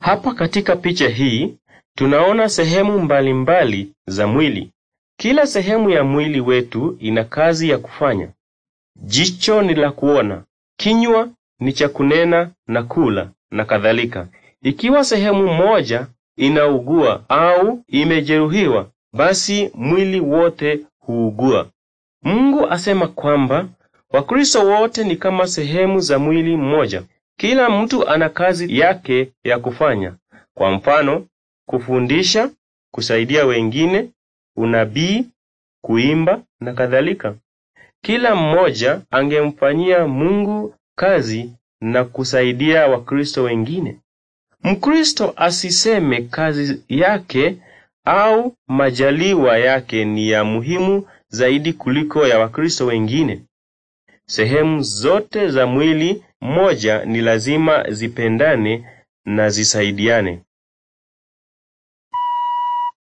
Hapa katika picha hii tunaona sehemu mbalimbali za mwili. Kila sehemu ya mwili wetu ina kazi ya kufanya. Jicho ni la kuona, kinywa ni cha kunena na kula na kadhalika. Ikiwa sehemu moja inaugua au imejeruhiwa, basi mwili wote huugua. Mungu asema kwamba Wakristo wote ni kama sehemu za mwili mmoja. Kila mtu ana kazi yake ya kufanya, kwa mfano kufundisha, kusaidia wengine, unabii, kuimba na kadhalika. Kila mmoja angemfanyia Mungu kazi na kusaidia Wakristo wengine. Mkristo asiseme kazi yake au majaliwa yake ni ya muhimu zaidi kuliko ya Wakristo wengine. Sehemu zote za mwili mmoja ni lazima zipendane na zisaidiane